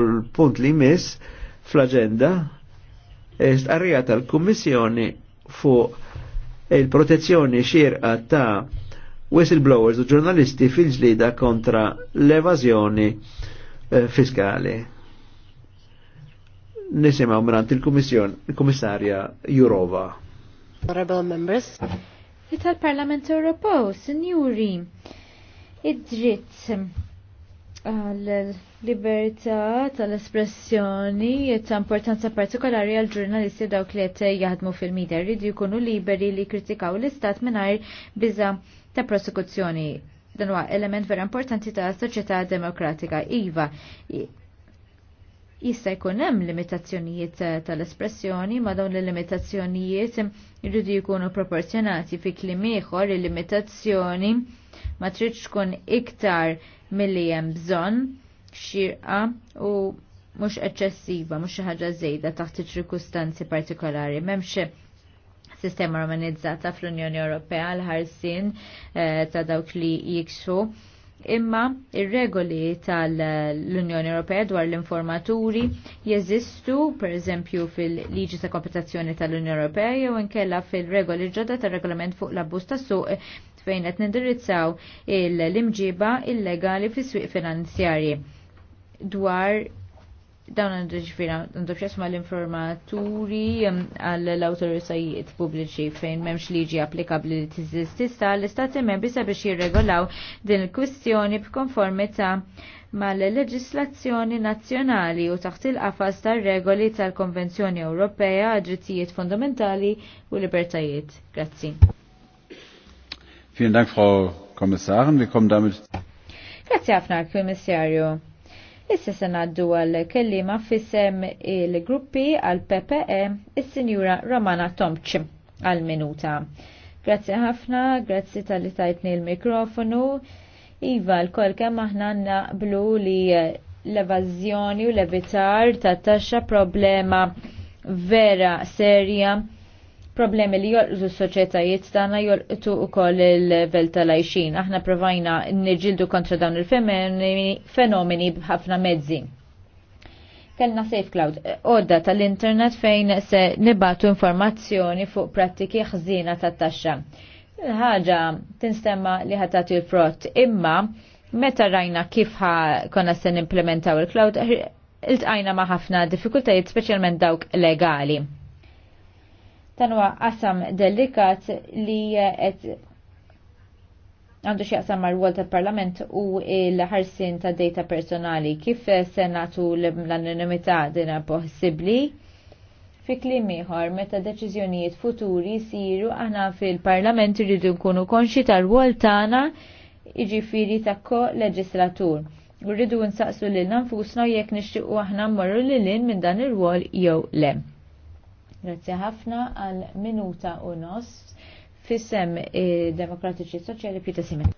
u l-punt li mis fl-agenda est arrija tal kommissjoni fu il-protezzjoni xirqa ta' whistleblowers u ġurnalisti fil-ġlida kontra l-evazjoni eh, fiskali. Nisimaw mrant il kommissjon il kommissarja Jurova. Honorable members, it-tal-Parlament Ewropew, Sinjuri, id-dritt għal-libertà tal-espressjoni ta' importanza partikolari għal-ġurnalisti dawk li qed jaħdmu fil-media rridu jkunu liberi li kritikaw l-istat mingħajr biża ta' prosekuzzjoni. Dan huwa element vera importanti ta' soċjetà demokratika. Iva, jista' jkun hemm limitazzjonijiet eh, tal-espressjoni ma dawn il-limitazzjonijiet irridu jkunu proporzjonati fi kliem ieħor il-limitazzjoni ma tridx tkun iktar milli hemm bżonn xirqa u mhux eċċessiva, mhux xi ħaġa żejda taħt ċirkustanzi partikolari. M'hemmx sistema romanizzata fl-Unjoni Ewropea l ħarsien eh, ta' dawk li jiksu imma ir-regoli tal-Unjoni Ewropea dwar l-informaturi jeżistu pereżempju fil-liġi ta' kompetazzjoni tal-Unjoni Ewropea jew inkella fil-regoli ġodda tar-regolament fuq l-abbuż tas-suq fejn qed nindirizzaw l-imġiba illegali fis-swieq finanzjarji dwar dawn għandu ġifira, għandu ma l-informaturi għall-autorizajiet pubbliċi fejn memx liġi applikabli li tiżistista l-istati membri sabiex jirregolaw din il-kwistjoni b'konformità mal-leġislazzjoni nazzjonali u taħt il-qafas tar-regoli tal-Konvenzjoni Ewropea għad-drittijiet fundamentali u libertajiet. Grazzi. Vielen Dank, Frau Kommissarin. Wir kommen damit. Grazie, Afna, Kommissario. Issa se ngħaddu għal kellima fissem il-gruppi għal PPE is-Sinjura Romana Tomċ għal minuta. Grazzi ħafna, grazzi tal-li tajtni l-mikrofonu. Iva, l-kol kemm aħna naqblu li l-evażjoni u l-evitar ta' taxxa problema vera serja problemi li jolqtu s-soċetajiet tagħna jolqtu wkoll il-level tal-għajxin. Aħna provajna niġildu kontra dawn il-fenomeni b'ħafna mezzi. Kellna Safe Cloud, odda tal-internet fejn se nibatu informazzjoni fuq prattiki ħżina tat-taxxa. Ħaġa tinstemma li ħatati l-frott, imma meta rajna kif konna se nimplementaw il-cloud, iltqajna ma' ħafna diffikultajiet, speċjalment dawk legali tanwa huwa qasam delikat li qed għandu qasam mar-rwol tal-Parlament u l-ħarsin ta' data personali. Kif senatu l-anonimità dina possibbli. Fi klim ieħor, meta deċiżjonijiet futuri siru aħna fil-Parlament irridu nkunu konxi tal-rwol tagħna jiġifieri ta' ko-leġislatur. Urridu nsaqsu lil nanfusna jekk nixtiequ aħna mmorru lil min dan ir-rwol jew le. Grazzi ħafna għal minuta u nos fissem demokratiċi soċjali Pita Simen.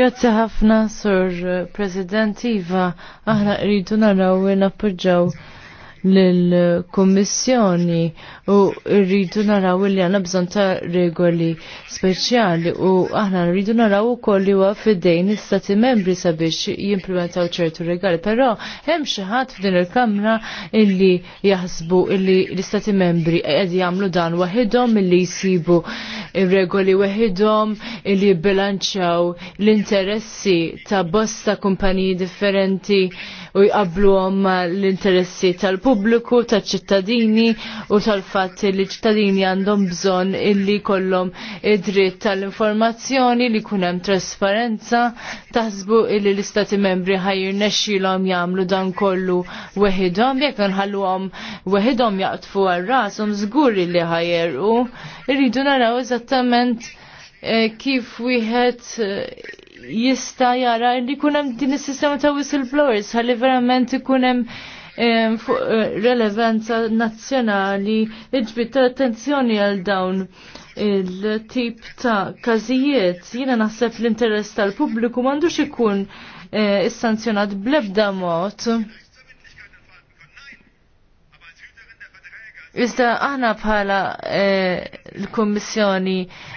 Grazzi ħafna, Sur President Iva, aħna rridu naraw u nappoġġaw l-Kommissjoni u rridu naraw li għanna bżon ta' regoli speċjali u aħna rridu naraw u koll li fidejn istati membri sabiex jimplementaw ċertu regali. Pero hemm xi ħadd f'din il-Kamra illi jaħsbu illi l-istati membri qed jagħmlu dan waħidhom illi jsibu regoli waħidhom illi jibbilanċaw l-interessi ta' bosta kumpaniji differenti u għom l-interessi tal-pubbliku, tal-ċittadini u tal fat li ċittadini għandhom bżonn illi kollom id-dritt tal-informazzjoni li jkun hemm trasparenza taħsbu illi l-istati membri ħajir nexilom jagħmlu dan kollu jek jekk għom weħidom jaqtfu għal rashom zgur illi ħajjerqu. rridu naraw eżattament eh, kif wieħed eh, jista jara li kunem din is-sistema ta' whistleblowers ħalli verament ikunem fuq eh, relevanza nazzjonali iġbit attenzjoni għal dawn il-tip ta' kazijiet. Jina naħseb l-interess tal-pubbliku mandux ikun is-sanzjonat eh, blebda mod Iżda aħna bħala e, l-Kommissjoni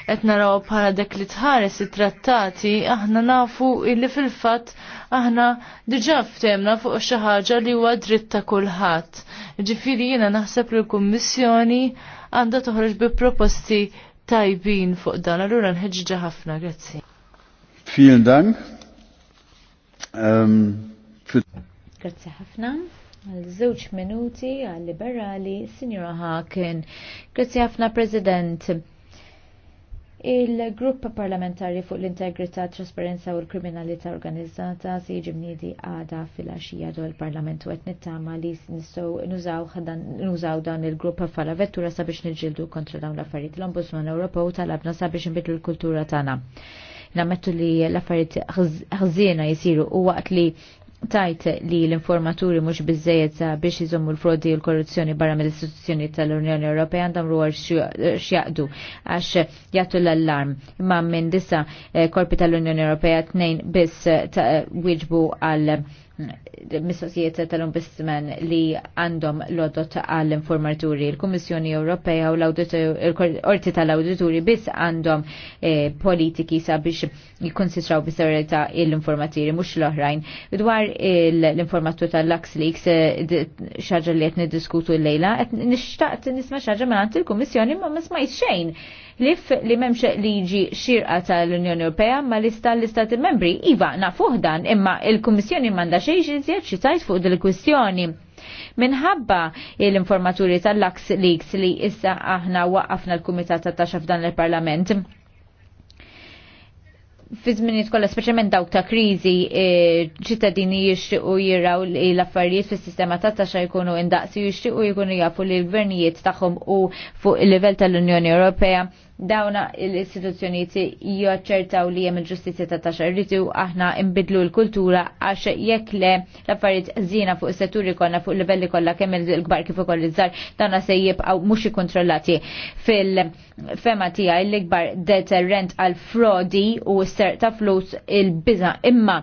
qed naraw bħala dak li tħares it-trattati, aħna nafu illi fil-fatt aħna diġà ftemna fuq xi ħaġa li huwa dritt ta' kulħadd. Ġifieri jiena naħseb li l-Kummissjoni għandha toħroġ bi proposti tajbin fuq dan, allura nħeġġa ħafna, grazzi. Vielen Dank. Ähm, grazzi ħafna għal żewġ minuti għal liberali Sinjora Haken. Grazzi ħafna President. Il-grupp parlamentari fuq l-integrità, trasparenza u l-kriminalità organizzata se jiġi mniedi għada fil-axija do l-Parlament u nittama li nistaw nużaw dan il-grupp bħala vettura sabiex nġildu kontra dawn l-affarijiet. L-Ombudsman Ewropew talabna sabiex nbidlu l-kultura tagħna nammettu li l-affarijiet ħżiena jisiru u waqt li tajt li l-informaturi mhux biżejjed biex iżommu l-frodi u l-korruzzjoni barra mill-istituzzjoni tal-Unjoni Ewropea għandhom ruwar x'jaqdu għax jagħtu l-allarm. Imma minn disa eh, korpi tal-Unjoni Ewropea tnejn biss eh, wieġbu għal mistoqsijiet tal-Ombudsman li għandhom lodot għall-informaturi. l kummissjoni Ewropea u l-Orti tal-Awdituri biss għandhom eh, politiki sabiex jikonsistraw bis-serjetà l-informatiri mhux l-oħrajn. Dwar l-informatur tal-Lux Leaks eh, xaġa li qed niddiskutu l-lejla, qed nixtaqt nisma' xaġa għant il-Kummissjoni ma ma smajt xejn lif li memx liġi xirqa tal-Unjoni Ewropea ma lista l-Istati membri. Iva, nafuh dan imma il-Kummissjoni manda xejn iżjed xi tajt fuq dil-kwistjoni minħabba l-informaturi tal-Lux Leaks li issa aħna waqafna l-Kumitat tat Taxa f'dan il-Parlament fi żminijiet kollha speċjalment dawk ta' kriżi e, ċittadini jixtiequ jiraw li l-affarijiet fis-sistema ta' taxxa jkunu indaqsi jixtiequ jkunu jafu li l-gvernijiet tagħhom u fuq il-livell tal-Unjoni Ewropea dawna l-istituzzjonijiet jaċċertaw li hemm il-ġustizzja ta' taxxa rridu aħna nbidlu l-kultura għax jekk le l-affarijiet żina fuq is-setturi kollha fuq il-livelli kollha kemm il-kbar kif ukoll iż-żgħar dawna se jibqgħu mhux ikkontrollati fil- fema tija l-ikbar deterrent għal frodi u s-ser ta' flus il-biza. Imma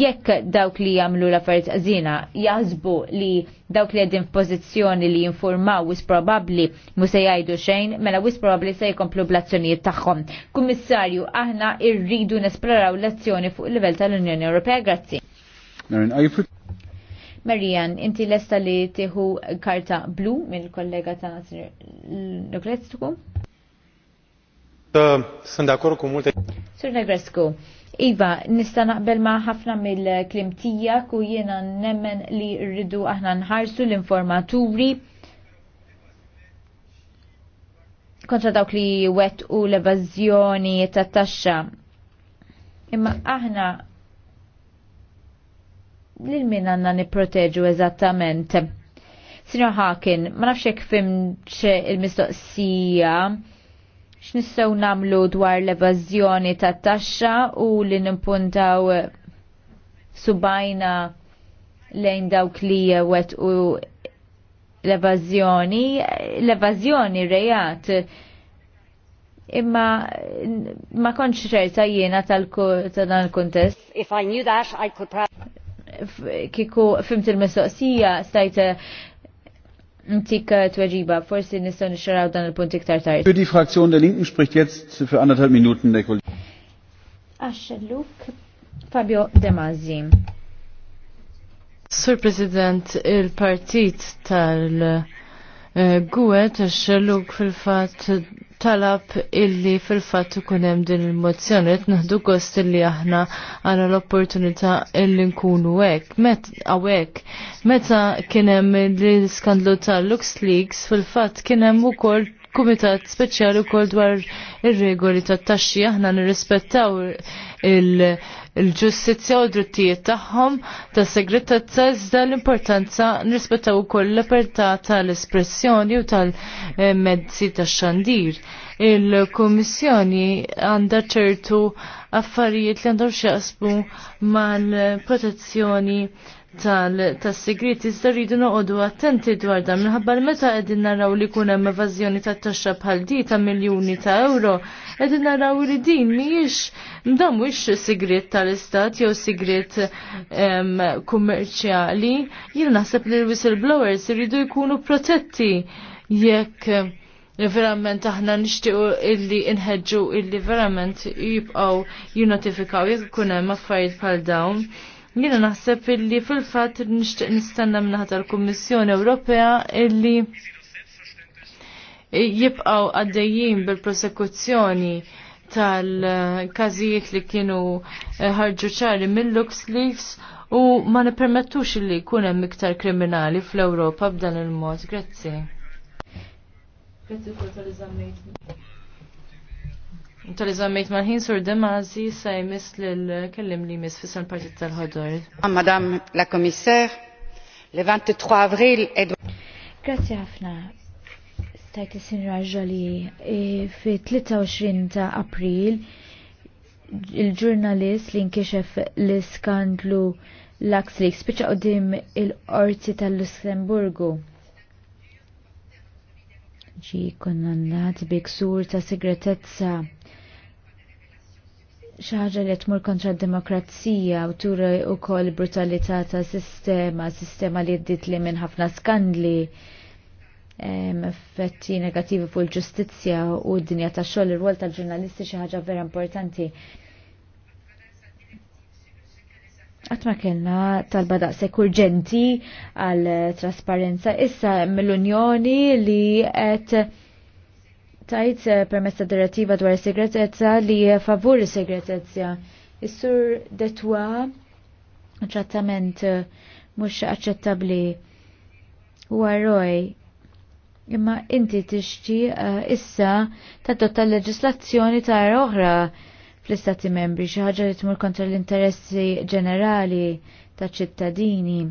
jekk dawk li jamlu la ferit zina jazbu li dawk li għedin f-pozizjoni li jinformaw wis probabli mu jgħidu xejn, mela wis probabli se jkomplu blazzjonijiet tagħhom. Kummissarju, aħna irridu nesploraw l-azzjoni fuq il-livell tal-Unjoni Ewropea, grazzi. Marian, inti lesta li tiħu karta blu mill kollega ta' Nukletzku? Sunt de acord cu multe. Sur Negrescu, Iva, nista naqbel ma ħafna mill klimtija ku u jena nemmen li rridu aħna nħarsu l-informaturi kontra dawk li wet u l-evazjoni ta' taxxa. Imma aħna lil min għanna niproteġu eżattament. Sinjor Hakin, ma nafxek fimx il-mistoqsija x'nistgħu namlu dwar l-evażjoni tat-taxxa u li nimpuntaw subajna lejn dawk li wet u l-evażjoni, l-evażjoni rejat imma ma konċ ċerta jiena tal dan il-kontest. If I knew that, I could probably... Kiku fimt il-mistoqsija stajt Ntik eh, tweġiba, forsi nistan xaraw dan il-punt iktar tard. Für die Fraktion der Linken spricht jetzt für anderthalb Minuten der Kollege. Aschelluk Fabio De Mazzi. Sur President, il-partit tal-Guet, eh, Aschelluk fil-fat talab illi fil-fatt ukunem hemm din il-mozzjoni qed naħdu gost illi aħna għana l-opportunità illi nkunu hekk. Met għawek, meta kien hemm l-iskandlu ta' LuxLeaks fil-fatt kien hemm ukoll kumitat speċjali wkoll dwar ir-regoli tat-taxxi aħna nirrispettaw il-ġustizzja u drittijiet tagħhom tas-segretezza iżda l-importanza nirrispettaw ukoll l-libertà tal-espressjoni u tal-mezzi tax-xandir. Il-Kummissjoni għandha ċertu affarijiet li għandhom xjaqsmu mal-protezzjoni tas-sigrit iżda rridu noqogħdu attenti dwar dan minħabba meta qegħdin naraw li jkun hemm evażjoni tat-taxxa bħal di ta' miljuni ta' euro qegħdin naraw li din mhijiex dan mhuwiex sigriet tal-istat jew sigriet kummerċjali. Jien naħseb li l-whistleblowers iridu jkunu protetti jekk verament aħna nixtiequ illi inħeġġu illi verament jibqgħu jinnotifikaw jekk ikun hemm affarijiet bħal dawn. Jiena naħseb illi fil-fatt nixtieq nistenna minnaħa tal-Kummissjoni Ewropea illi jibqgħu għaddejjin bil-prosekuzzjoni tal-każijiet li kienu ħarġu ċari mill-LuxLeaks u ma nipermettux li jkun hemm iktar kriminali fl-Ewropa b'dan il-mod. Grazzi. Grazzi Inta li zammejt mal-ħin sur Demazi sa jmiss l-kellim li jmiss fissan partit tal-ħodor. Ah, Madam la Commissaire, le 23 avril ed. Grazie ħafna. Stajt isin raġali e, fi 23 ta' april il-ġurnalist li nkixef l-skandlu l-Axlix spiċa qoddim il orti tal-Lussemburgu ġi konna konnannat biksur ta' segretezza xaħġa li tmur kontra d-demokrazija u tura u kol brutalità ta' sistema, sistema li ddit li minn ħafna skandli effetti negativi fuq il-ġustizja u d-dinja ta' xogħol ir wol tal-ġurnalisti xi ħaġa vera importanti. Qatt ma kellna talba daqshekk urġenti għal trasparenza issa mill-Unjoni li qed tajt eh, permess ta' direttiva dwar segretezza li eh, favur segretezza. Is-sur detwa trattament eh, mhux aċċettabbli huwa roj imma inti tixti issa tadotta l-leġislazzjoni ta' oħra fl-istati membri xi ħaġa li tmur kontra l-interessi ġenerali ta' ċittadini.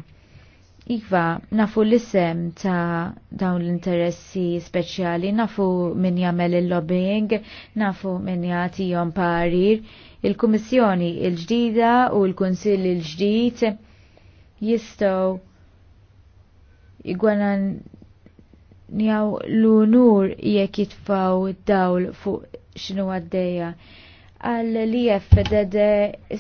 Iva, nafu l-isem ta' dawn l-interessi speċjali, nafu min jagħmel il-lobbying, nafu min jagħtihom parir, il-Kummissjoni il-ġdida u l-Kunsill il-ġdid jistgħu igwanan njaw l-unur jekk jitfaw dawl fuq x'inhu għaddejja għal li jeffedded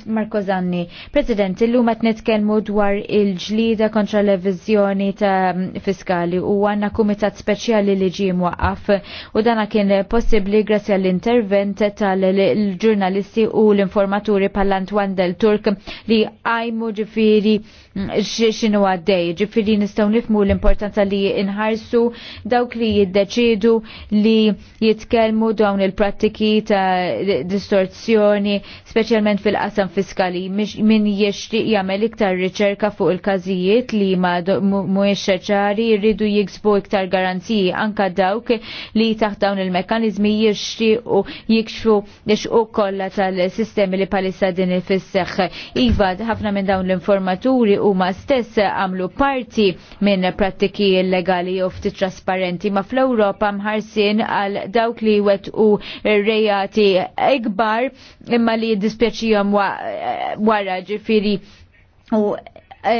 Marko Zanni. President, illum qed nitkellmu dwar il-ġlida kontra l-evizjoni ta' fiskali u għanna kumitat speċjali li ġie mwaqqaf u dana kien possibbli grazzi għall-intervent tal-ġurnalisti u l-informaturi pal-Antwan del Turk li għajmu ġifiri xinu għaddej. Ġifiri nistaw nifmu l-importanza li inħarsu dawk li jiddeċidu li jitkelmu dawn il-prattiki ta' distort korruzzjoni, speċjalment fil-qasam fiskali, min jiexti jagħmel iktar riċerka fuq il-każijiet li ma mhuwiex ċari jridu jiksbu iktar garanziji anka dawk li taħt dawn il-mekkaniżmi jixtiequ jikxfu u kollha tal-sistemi li palissa din ifisseħ. Iva, ħafna minn dawn l-informaturi huma stess għamlu parti minn prattiki illegali jew ftit trasparenti ma fl-Ewropa mħarsin għal dawk li wet u rejati ikbar kbar imma li dispjaċijom wara ġifiri u e,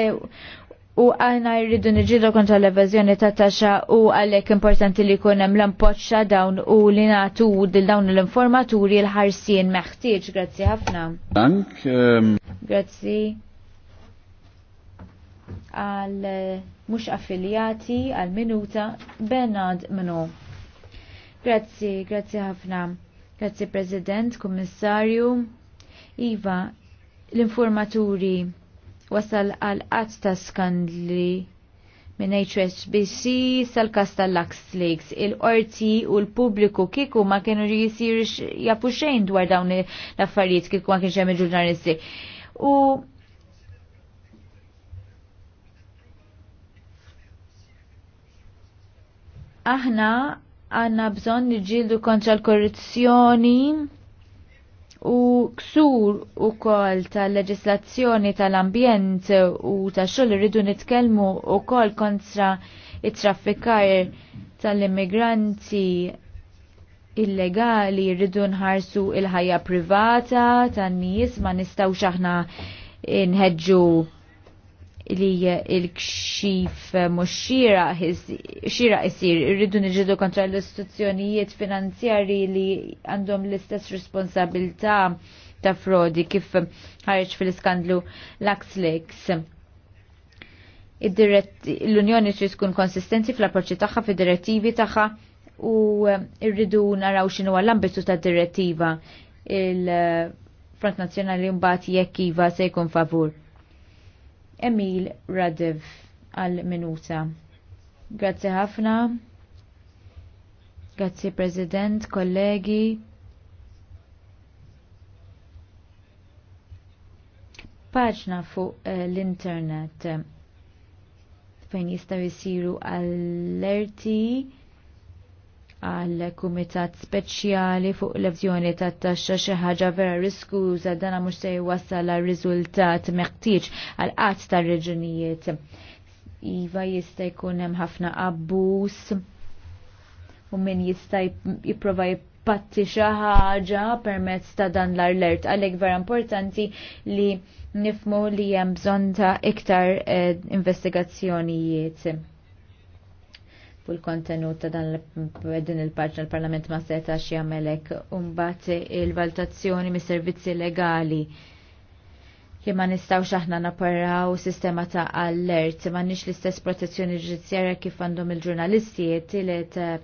u għana jridu nġidu kontra l-evazjoni ta' taxa u għalek importanti li kunem l ampoċa dawn u li natu dawn l-informaturi l-ħarsien meħtieġ. Grazzi ħafna. Dank. Ehm, grazzi. Għal mux affiljati għal minuta Bernard Minu. Grazzi, grazzi ħafna. Grazie President, Kummissarju. Iva, l-informaturi wasal għal qatt ta' skandli minn HSBC sal-kas tal-Lux Il-qorti u l-pubbliku kiku ma kienu jisir jafu xejn dwar dawn l-affarijiet kiku ma kienx hemm il-ġurnalisti. U aħna għanna bżon nġildu kontra l-korruzzjoni u ksur u kol tal-leġislazzjoni tal-ambjent u ta' xogħol irridu nitkellmu u kol kontra it-traffikar tal-immigranti illegali rridu nħarsu il-ħajja privata tan-nies ma nistgħux aħna nħeġġu li il-kxif mhux xira xira jisir irridu nġidu kontra l-istituzzjonijiet finanzjari li għandhom l-istess responsabilta ta' frodi kif ħareġ fil-skandlu LaxLeaks. L-Unjoni trid tkun konsistenti fl-approċċi tagħha fid-direttivi tagħha u rridu naraw x'inhu l-ambitu tad-direttiva il-Front Nazzjonali mbagħad jekk iva se jkun favur. Emil Radev għal minuta. Grazzi ħafna. Grazzi President, kollegi. Paġna fuq eh, l-internet fejn jistaw jisiru allerti għal kumitat speċjali fuq l-evżjoni ta' taxxa xi ħaġa vera riskuża dana mhux se jwassal għal riżultat meħtieġ għal qatt tar-reġunijiet. Iva jista' jkun hemm ħafna abbuż u min jista' jipprova patti xi ħaġa permezz ta' dan l-alert għalhekk vera importanti li nifmu li hemm bżonn ta' iktar eh, investigazzjonijiet u l-kontenut ta' dan din il-paġna l-Parlament ma setax jagħmelek umbat il-valutazzjoni mis-servizzi legali li ma nistawx aħna naparraw sistema ta' allert, ma nix l-istess protezzjoni ġudizzjarja kif għandhom il-ġurnalisti, tilet eh,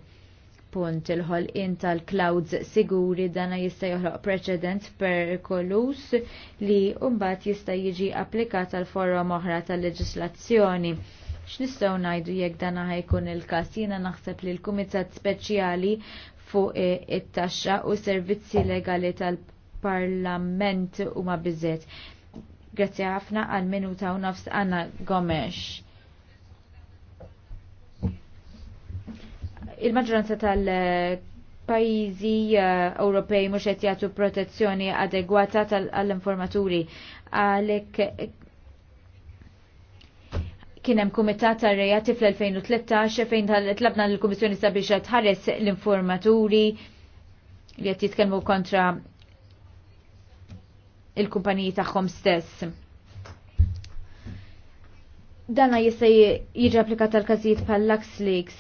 punt il-ħolqin tal-clouds siguri dana jista' joħloq preċedent per kolus li umbat jista' jiġi applikat għal forum oħra tal-leġislazzjoni. X'nistgħu ngħidu jekk dan jkun il-każ jiena naħseb li l-Kumitat Speċjali fuq e, it-taxxa u servizzi legali tal-Parlament huma biżżejjed. Grazzi ħafna għal minuta u nofs Anna Gomes. Il-maġġoranza tal- pajizi e, Ewropej mhux qed jagħtu protezzjoni adegwata tal-informaturi għalhekk Kien hemm kumitat tar-rejati fl-2013 fejn tlabna l-Kummissjoni sabiex tħares l-informaturi li qed jitkellmu kontra il-kumpaniji tagħhom stess. Dana jista' jiġi applikat għal każijiet bħal LuxLeaks.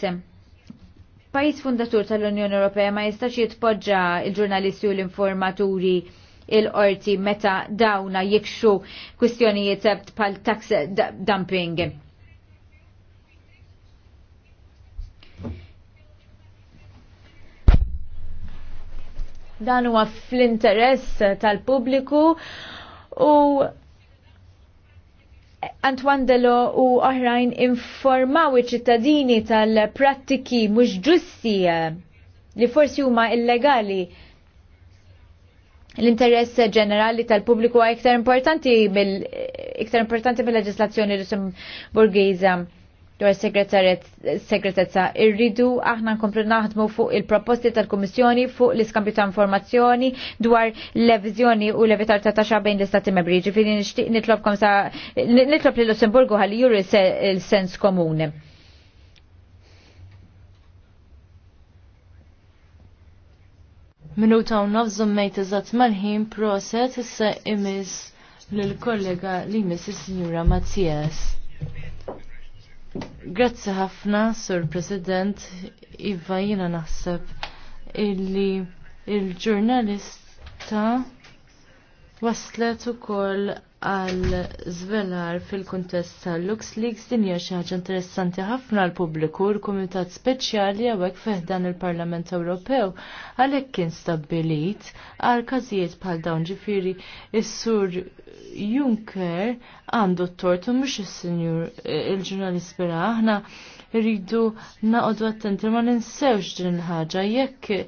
Pajjiż fundatur tal-Unjoni Ewropea ma jistax jitpoġġa il-ġurnalisti u l-informaturi il-qorti meta dawna jikxu kwistjonijiet bħal tax dumping Dan huwa fl-interess tal-pubbliku u Antoine Delo u oħrajn informaw iċ-ċittadini tal-prattiki mhux ġusti eh, li forsi huma illegali l-interess ġenerali tal-pubbliku għaj iktar importanti mill iktar importanti mill leġislazzjoni l sim dwar segretezza irridu aħna nkomplu naħdmu fuq il-proposti tal-Kummissjoni fuq l-iskambju ta' informazzjoni dwar l-evizjoni u l-evitar ta' taxxa bejn l-Istati Membri. Ġifieri nixtieq nitlobkom sa nitlob lil Lussemburgu ħalli juri il-sens komuni. Minuta u nafżum mejt iżat malħin ħin proset issa imis l-kollega li miss is-Sinjura Mattias. Grazzi ħafna, Sur President, Iva jina naħseb illi il-ġurnalista waslet ukoll għal zvelar fil-kuntest tal-LuxLeaks din hija xi ħaġa interessanti ħafna għal pubbliku l kumitat speċjali hawnhekk feħdan il-Parlament Ewropew għalhekk kien stabbilit għal każijiet bħal dawn ġifieri is-sur Juncker għandu t-tort u mhux is-sinjur il-ġurnalist Bera aħna rridu naqodu attenti ma ninsewx din il-ħaġa jekk eh,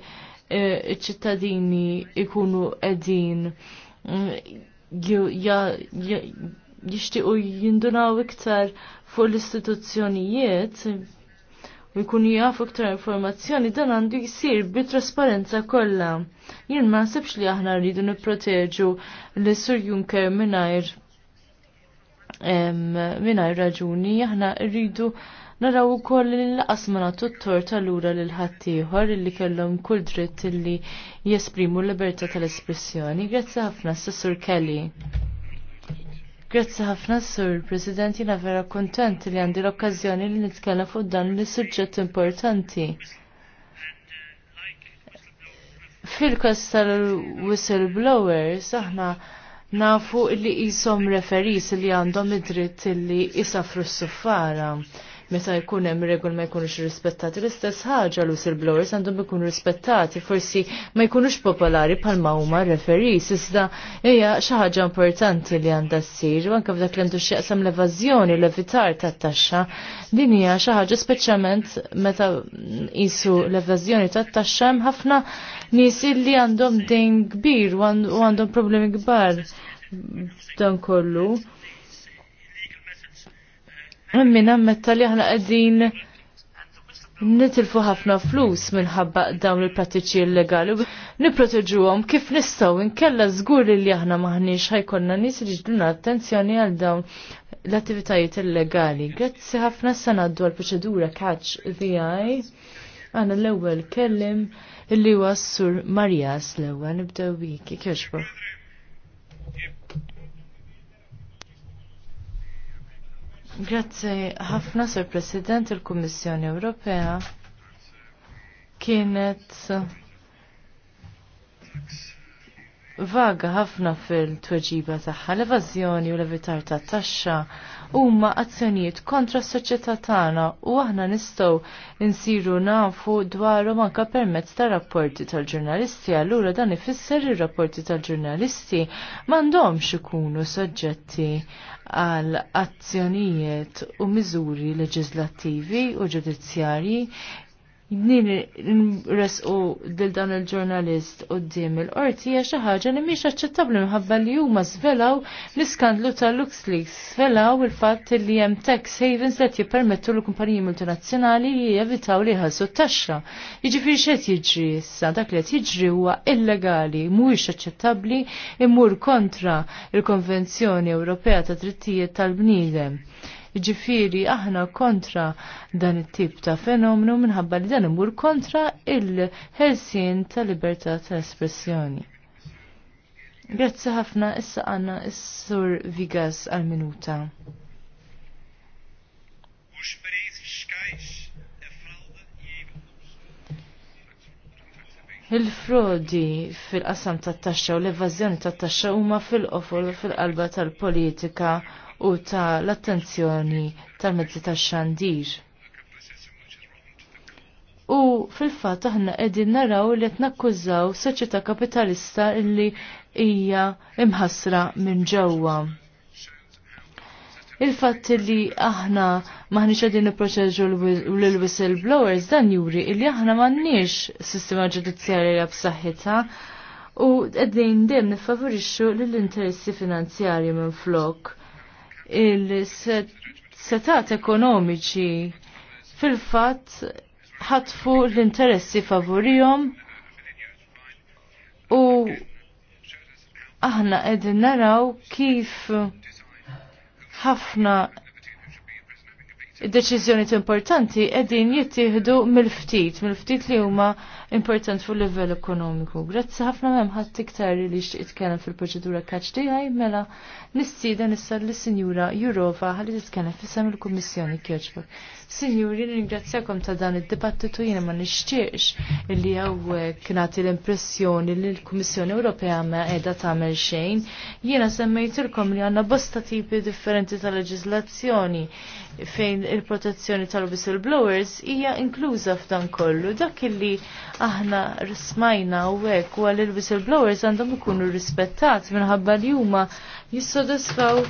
iċ-ċittadini ikunu qegħdin mm, jixtiequ jindunaw iktar fuq l-istituzzjonijiet u jkunu jafu iktar informazzjoni dan għandu jisir bit-trasparenza kollha. Jien ma nsibx li aħna rridu nipproteġu li sur Juncker mingħajr mingħajr raġuni, aħna rridu Naraw ukoll li laqas ma nagħtu t ura lura lil ħaddieħor illi kellhom kull dritt li jesprimu l-libertà tal-espressjoni. Grazzi ħafna, sessur Kelly. Grazzi ħafna, Sur President, jiena vera kontent li għandi l-okkażjoni li nitkellem fuq dan li suġġett importanti. Fil-kas tal-whistleblowers, aħna nafu li jisom referis li għandhom id-dritt li jisafru s-suffara meta jkun hemm regol ma jkunux rispettati l-istess ħaġa l whistleblowers għandhom ikunu rispettati, forsi ma jkunux popolari bħalma huma referis, iżda hija xi ħaġa importanti li għandha ssir, u anke f'dak li għandu x'jaqsam l-evażjoni, l-evitar tat-taxxa, din hija xi ħaġa speċjalment meta qisu l-evażjoni tat-taxxa hemm ħafna nies li għandhom dejn kbir u għandhom problemi kbar dan kollu. Minna metta li ħana għedin nitilfu ħafna flus minħabba dawn il-pratiċi illegali. għom kif nistgħu inkella żgur li aħna maħniex ħajkonna nies li ġduna attenzjoni għal dawn l-attivitajiet illegali. Grazzi ħafna sena għaddu għal-proċedura catch the eye. Għana l-ewwel kellim illi għassur Sur Marjas l-ewwel nibdew wiki kieġbu. Grazie ħafna Sir President il-Kummissjoni Ewropea kienet vaga ħafna fil-tweġiba tagħha l-evażjoni u l-evitar ta' taxxa huma azzjonijiet kontra s-soċjetà tagħna u aħna nistgħu insiru nafu dwarhom anke permezz ta' rapporti tal-ġurnalisti allura dan ifisser ir-rapporti tal-ġurnalisti m'għandhomx ikunu soġġetti għal azzjonijiet u miżuri leġislattivi u ġudizzjarji jimnin resqu dil dan il-ġurnalist u d-dim il-qorti hija xi ħaġa li mhix aċċettabbli minħabba li huma svelaw l-iskandlu ta' LuxLeaks, svelaw il-fatt li hemm tax havens li jippermettu l kumpaniji multinazzjonali li jevitaw li jħassu t-taxxa. fi jiġifieri xet jiġri issa dak li qed jiġri huwa illegali, mhuwiex aċċettabbli imur kontra il-Konvenzjoni Ewropea ta' Drittijiet tal-Bniedem. Ġifiri, aħna kontra dan it-tip ta' fenomenu minħabba li dan imur kontra il-ħelsien ta' libertà ta' espressjoni. Grazzi ħafna issa għanna s-sur Vigas għal-minuta. Il-frodi fil-qasam tat-taxxa u l-evażjoni tat-taxxa huma fil-qofol u fil-qalba tal-politika u ta' l-attenzjoni tal-mezzi ta' xandir. U fil-fat aħna qegħdin naraw li qed nakkużaw soċjetà kapitalista illi hija imħassra minn ġewwa. Il-fatt li aħna maħniċ għadin proċeġu l-whistleblowers dan juri illi aħna maħniċ sistema ġudizzjarja b'saħħitha u għedin dem nifavorixxu l-interessi finanzjarji minn flok il-setat ekonomiċi fil-fat ħatfu l-interessi favorijom u aħna edin naraw kif ħafna id importanti qegħdin jittieħdu mill-ftit, mill-ftit li huma importanti fuq livell ekonomiku. Grazzi ħafna m'hemm ħadd iktar li jitkellem fil-proċedura catch tiegħi mela nistieden issa lis-Sinjura Jurova ħalli titkellem fis-sem il-Kummissjoni Kirchberg. Sinjuri, ringrazzjakom ta' dan id-dibattitu jiena ma nixtieqx li għaw kien l-impressjoni li l-Kummissjoni Ewropea ma qiegħda tagħmel xejn. Jiena semmejtilkom li għandna bosta tipi differenti ta' leġiżlazzjoni fejn il-protezzjoni tal-whistleblowers hija inkluża f'dan kollu. Dak li aħna rismajna u hekk u li l-whistleblowers għandhom ikunu rispettat minħabba li huma jissodisfaw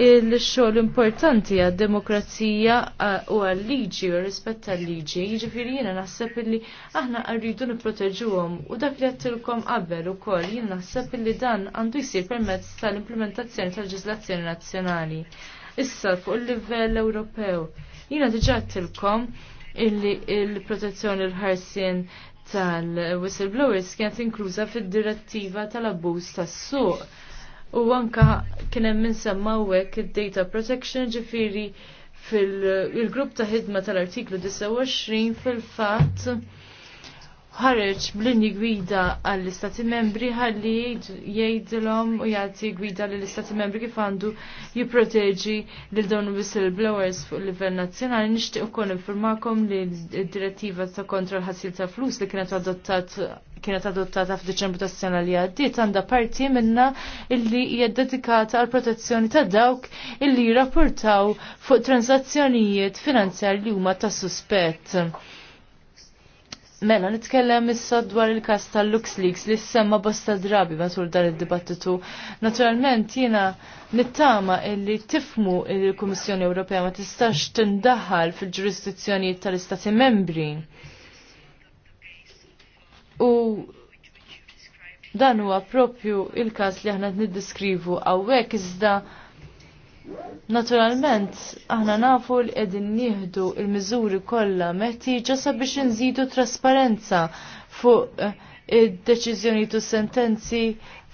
il-xogħol importanti għad-demokrazija uh, u għal tal-liġi u rispett tal-liġi, jiġifieri jiena naħseb illi aħna rridu nipproteġuhom u dak li għattilkom qabel ukoll jien naħseb illi dan għandu jsir permezz tal-implementazzjoni tal-ġiżlazzjoni nazzjonali. Issa fuq il-livell Ewropew. Jiena diġà għattilkom illi il-protezzjoni l-ħarsien tal-whistleblowers kienet inkluża fid-direttiva tal-abbuż tas-suq. U anka kien hemm insemma id-data protection ġifieri fil-grupp ta' ħidma tal-artiklu 29 fil-fatt ħareġ blini gwida għall-istati membri ħalli jgħidilhom u jagħti gwida lill istati membri kif għandu jipproteġi lil dawn whistleblowers fuq livell nazzjonali nixtieq ukoll informakom li d-direttiva ta' kontra l-ħassil ta' flus li kienet adottat kienet adottata f'Diċembru tas sena li għaddiet għandha parti minna illi hija dedikata għal protezzjoni ta' dawk illi jirrapportaw fuq transazzjonijiet finanzjarji li huma ta' suspett. Mela, nitkellem issa dwar il-kas tal-LuxLeaks li s-semma bosta drabi matul dan il-dibattitu. Naturalment, jina nittama illi tifmu il-Komissjoni Ewropea ma tistax tindaħal fil-ġurisdizzjoni tal-Istati membri. U dan huwa propju il-kas li aħna niddiskrivu għawek iżda Naturalment, aħna nafu li qegħdin nieħdu il-miżuri kollha meħtieġa sabiex inżidu trasparenza fuq eh, id-deċiżjoni u sentenzi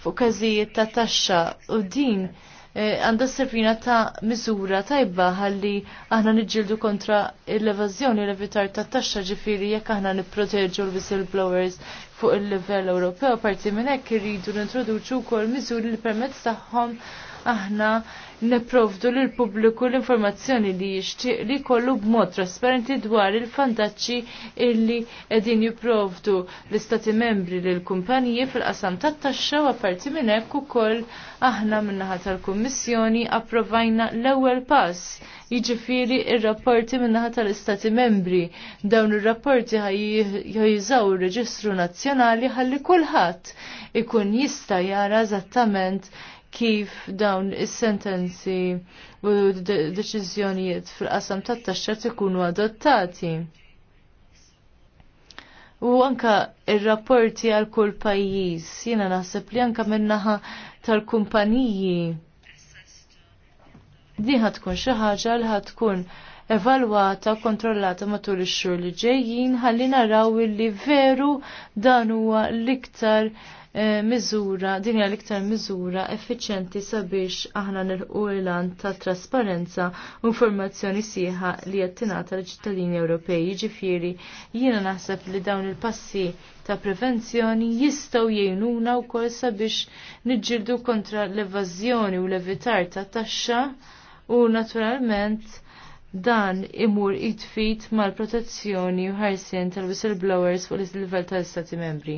fuq każijiet ta' taxxa u din eh, għandha servina ta' miżura tajba ħalli aħna niġġieldu kontra l-evażjoni l-evitar ta' taxxa ġifieri jekk aħna nipproteġu l-whistleblowers fuq il-livell Ewropew, parti minn hekk irridu nintroduċu wkoll miżuri li permezz tagħhom aħna neprovdu l pubbliku l-informazzjoni li jixtieq li kollu b'mod trasparenti dwar il-fantaċċi illi qegħdin jipprovdu l-istati membri l kumpaniji fil-qasam tat-taxxa u apparti minn hekk ukoll aħna min-naħa tal-Kummissjoni approvajna l-ewwel pass jiġifieri ir-rapporti min-naħa tal-istati membri. Dawn ir-rapporti ħajjużaw ir-Reġistru Nazzjonali ħalli kulħadd ikun jista' jara eżattament kif dawn is-sentenzi u deċiżjonijiet fil-qasam tat-taxxa ikunu adottati. U anka il rapporti għal kull pajjiż, jiena naħseb li anka minnaħa tal-kumpaniji din ħatkun xi ħaġa li ħatkun evalwata, kontrollata matul ix-xhur li ġejjin ħalli naraw li veru dan huwa l-iktar Eh, miżura, din hija l-iktar miżura effiċjenti sabiex aħna nilqu l-an ta' trasparenza u informazzjoni sieħa li qed tingħata l-ċittadini Ewropej. Jiġifieri jiena naħseb li dawn il-passi ta' prevenzjoni jistgħu jgħinuna wkoll sabiex niġġieldu kontra l-evażjoni u l-evitar ta' taxxa u naturalment dan imur jitfit mal-protezzjoni u ħarsien tal-whistleblowers fuq il-livell tal-Stati membri.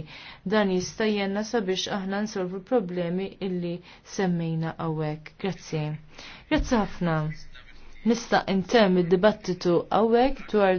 Dan jista' sabiex aħna nsolvu problemi illi semmejna għawek. Grazzi. Grazzi ħafna. Nista' intemm id-dibattitu għawek dwar